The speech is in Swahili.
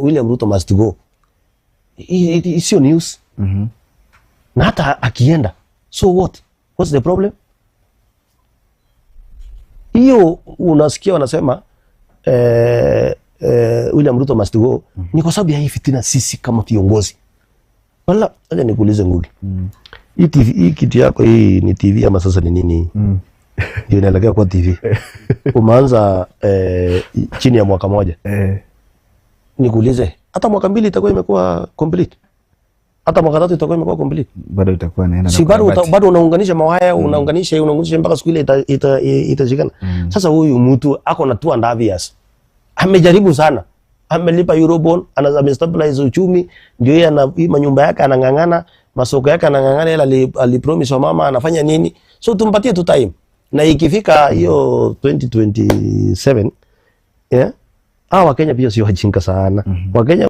William Ruto must go. your news. Mm-hmm. Na hata akienda, so what? What's the problem? Hiyo unasikia wanasema eh, eh, William Ruto must go. Mm-hmm. Ni kwa sababu ya hii fitina sisi kama viongozi. Wala aje nikuulize Ngugi. Mm. Hii TV hii kitu yako hii ni TV ama sasa ni nini? Mm Ndio inaelekea kwa TV. Umeanza eh, chini ya mwaka moja. Eh nikuulize, hata mwaka mbili itakuwa imekuwa complete, hata mwaka tatu itakuwa imekuwa complete, bado itakuwa naenda na si bado, bado unaunganisha mawaya mm. unaunganisha unaunganisha mpaka siku ile itashikana ita, ita mm. Sasa huyu mtu ako na two and a half years, amejaribu sana, amelipa Eurobond, stabilize uchumi, ndio yeye ana manyumba yake anang'ang'ana, masoko yake anang'ang'ana, yeye alipromise mama anafanya nini, so tumpatie tu time na ikifika hiyo 2027 yeah ah, wag kanya biyo si Hajin ka sana. Mm-hmm. Wag